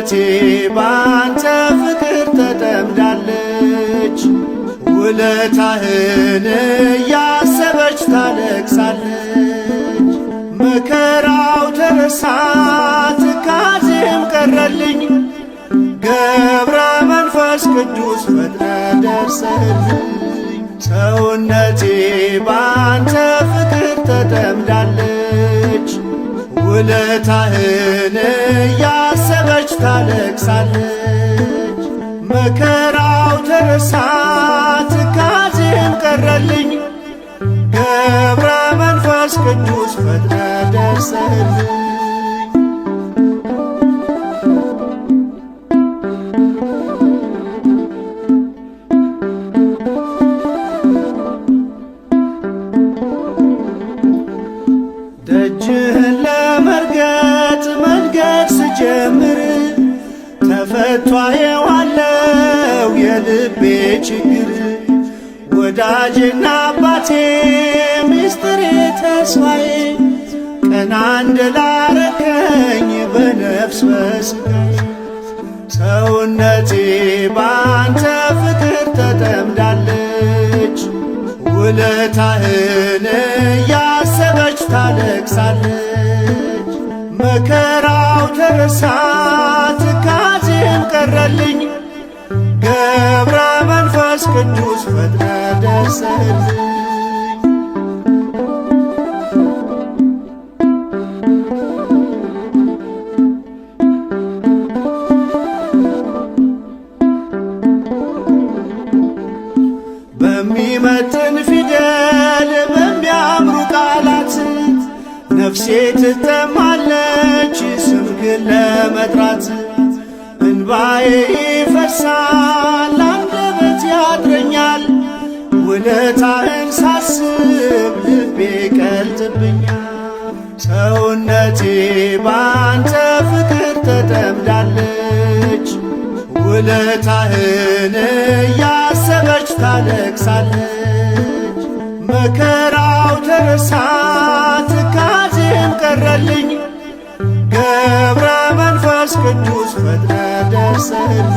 ነፍሴ ባንተ ፍቅር ተጠምዳለች፣ ውለታህን እያሰበች ታለቅሳለች። መከራው ተረሳ ትካዜም ቀረልኝ፣ ገብረ መንፈስ ቅዱስ ፈጥነ ደርሰልኝ። ሰውነቴ ባንተ ፍቅር ተጠምዳለች፣ ውለታህን እያ ታለቅሳለች። መከራው ተረሳ ትካዜም ቀረልኝ። ገብረ መንፈስ ቅዱስ ፈጥነ ደርሰልኝ ተስፋዬ ቀና እንደላረከኝ በነፍስ በስጋ ሰውነቴ ባንተ ፍቅር ተጠምዳለች ውለታህን እያሰበች ታለቅሳለች። መከራው ተረሳ ትካዜም ቀረልኝ ገብረ መንፈስ ቅዱስ ፈጥነ ደርሰልኝ ለመጥራት እንባዬ ይፈሳል፣ አንደበት ያድረኛል። ውለታህን ሳስብ ልቤ ቀልጥብኛል። ሰውነቴ ባንተ ፍቅር ተጠምዳለች፣ ውለታህን እያሰበች ታለቅሳለች። መከራው ደረሳ ትካዜም ቀረልኝ ገብረ ቅዱስ ፈጥነ ደርሰልን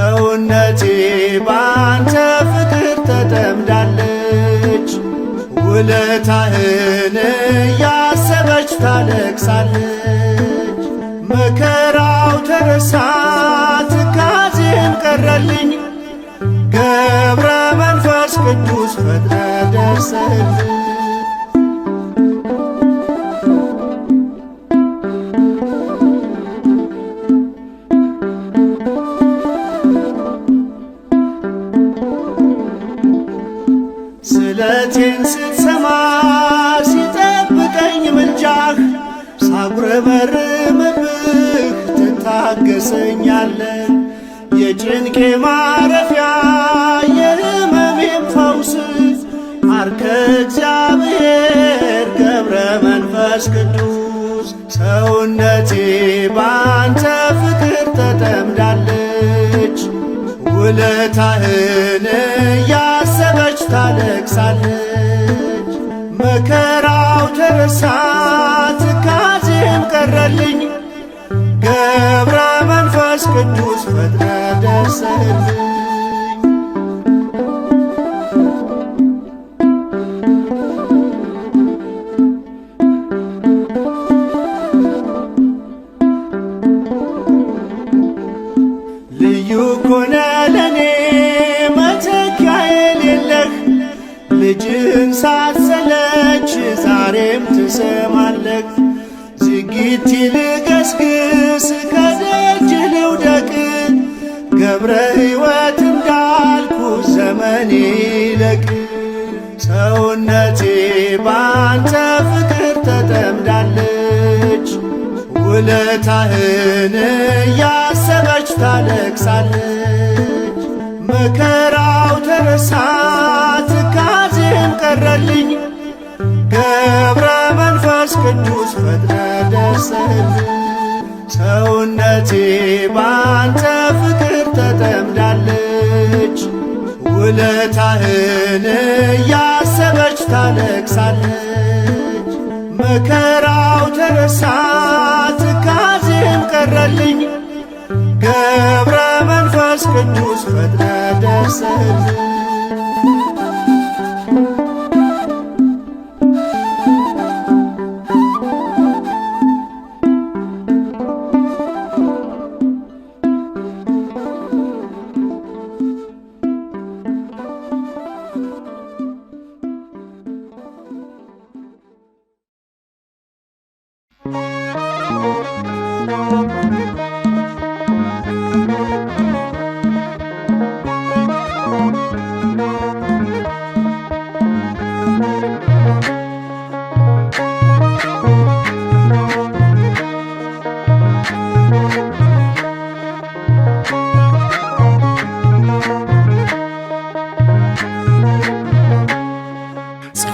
ሰውነቴ ባንተ ፍቅር ተጠምዳለች፣ ውለታህን እያሰበች ታለቅሳለች። መከራው ተረሳ ትካዜም ቀረልኝ ገብረ መንፈስ ቅዱስ ፈጥረ ደርሰልኝ ጩኸቴን ስትሰማ ሲጠብቀኝ ምልጃህ ሳጉረመርምብህ ትታገሰኛለህ። የጭንቄ ማረፊያ የሕመሜም ፈውስ አርከ እግዚአብሔር ገብረ መንፈስ ቅዱስ ሰውነቴ ባንተ ፍቅር ተጠምዳለች ውለታህን ታለቅሳለች። መከራው ተረሳ ትካዜም ቀረልኝ ገብረ መንፈስ ቅዱስ ፈጥረ ደርሰልኝ ውለታህን እያሰበች ታለቅሳለች። መከራው ተረሳ ትካዜም ቀረልኝ ገብረ መንፈስ ቅዱስ ፈጥረ ደርሰል ሰውነቴ ባንተ ፍቅር ተጠምዳለች። ውለታህን እያሰበች ታለቅሳለች። መከራው ተረሳ ሰራልኝ ገብረ መንፈስ ቅዱስ ፈጥነ ደርሰልኝ Música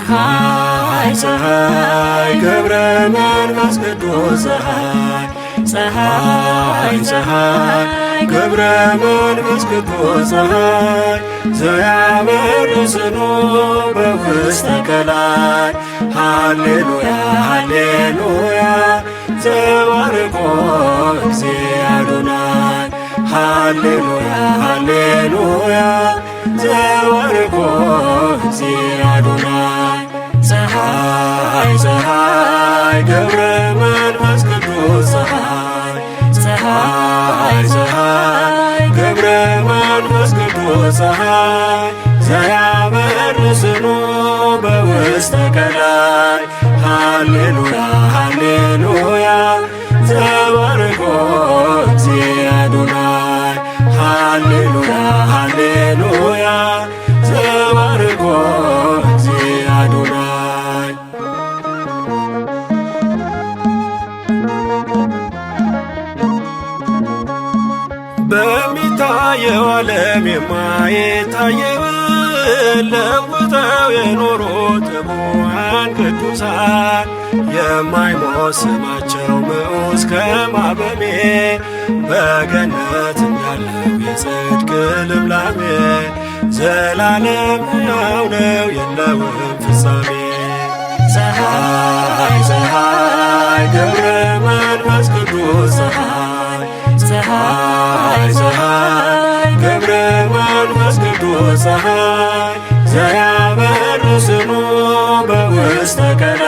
ፀሐይ ፀሐይ ገብረ መንፈስ ቅዱስ ፀሐይ ፀሐይ ፀሐይ ገብረ መንፈስ ቅዱስ ፀሐይ ዘያበር በውስተ ከላይ ሃሌሉያ ሃሌሉያ ዘባርቆ እግዚእ አዶናይ ሃሌሉያ ሃሌሉያ ዘባርቆ እግዚእ አዶናይ ፀሐይ ፀሐይ ገብረ መንፈስ ቅዱስ ፀሐይ ፀሐይ ገብረ መንፈስ ቅዱስ ፀሐይ ዘያበርስኑ በውስተ ቀላይ ሃሌሉያ ሃሌሉያ የማይታየውን ለውጠው የኖሩት ትጉሃን ቅዱሳን የማይሞት ስማቸው ምዑዝ ከማበሜ በገነት እንዳለው የጽድቅ ልምላሜ ዘላለም ሕያው ነው የለውም ፍጻሜ። ፀሐይ ፀሐይ ገብረ መንፈስ ቅዱስ ፀሐይ ፀሐይ ፀሐይ ዘያበሩ ስሙ በውስተ ቀና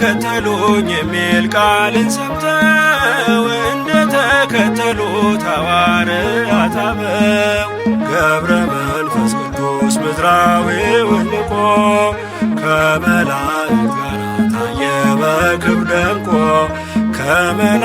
ተከተሉኝ የሚል ቃልን ሰምተው እንደ ተከተሉት ሐዋርያት አበው ገብረ መንፈስ ቅዱስ ምድራዊ ልቆ ከመላእክት ጋር ታየ በክብር ደምቆ ከመላ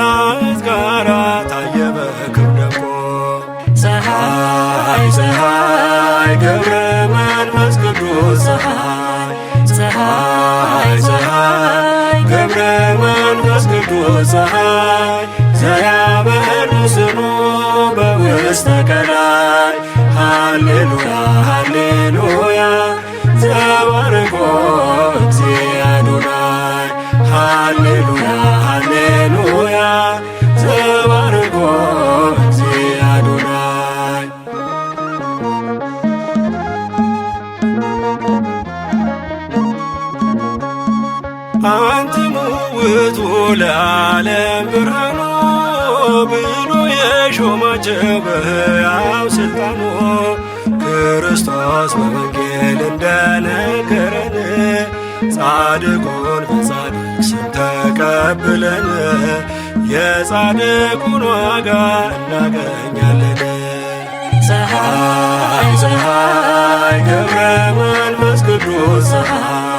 ሃሌሉያ ዘባርኮ እግዚእ አዶናይ ሃሌሉያ ሃሌሉያ ዘባርኮ አዶናይ አንትሙ ውእቱ ለዓለም ብርሃኑ ብሎ የሾማቸው በሕያው ስልጣኑ ክርስቶስ በወንጌል እንደነገረን ጻድቁን በጻድቅ ስም ተቀብለን የጻድቁን ዋጋ እናገኛለን። ፀሐይ ፀሐይ ገብረ መንፈስ ቅዱስ ፀሐይ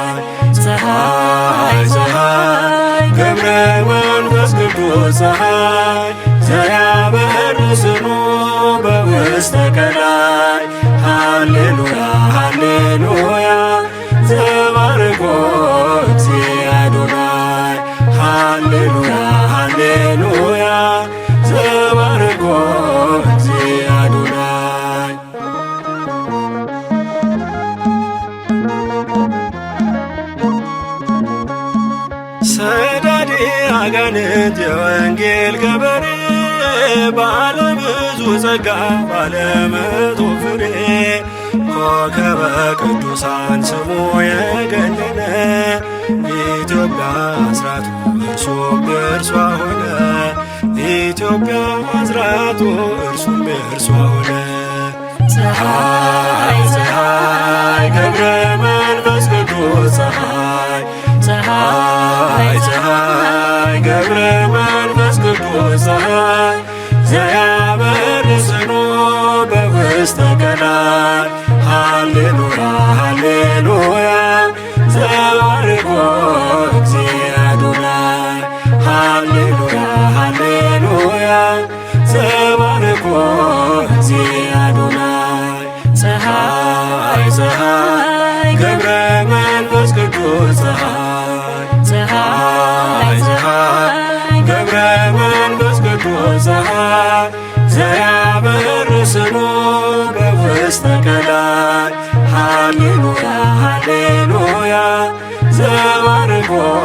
የወንጌል ገበሬ ባለብዙ ጸጋ ባለመቶ ፍሬ ኮከበ ቅዱሳን ስሙ የገነነ ኢትዮጵያ አስራቱ እርሱ እርሷ ሆነ ኢትዮጵያ አስራቱ እርሱ እርሷ ሆነ ፀሐይ ፀሐይ ገብረ clever. ዘያ በርስኖ በውስተ ገዳይ ሃሌሉያ ሃሌሉያ ዘባርኮ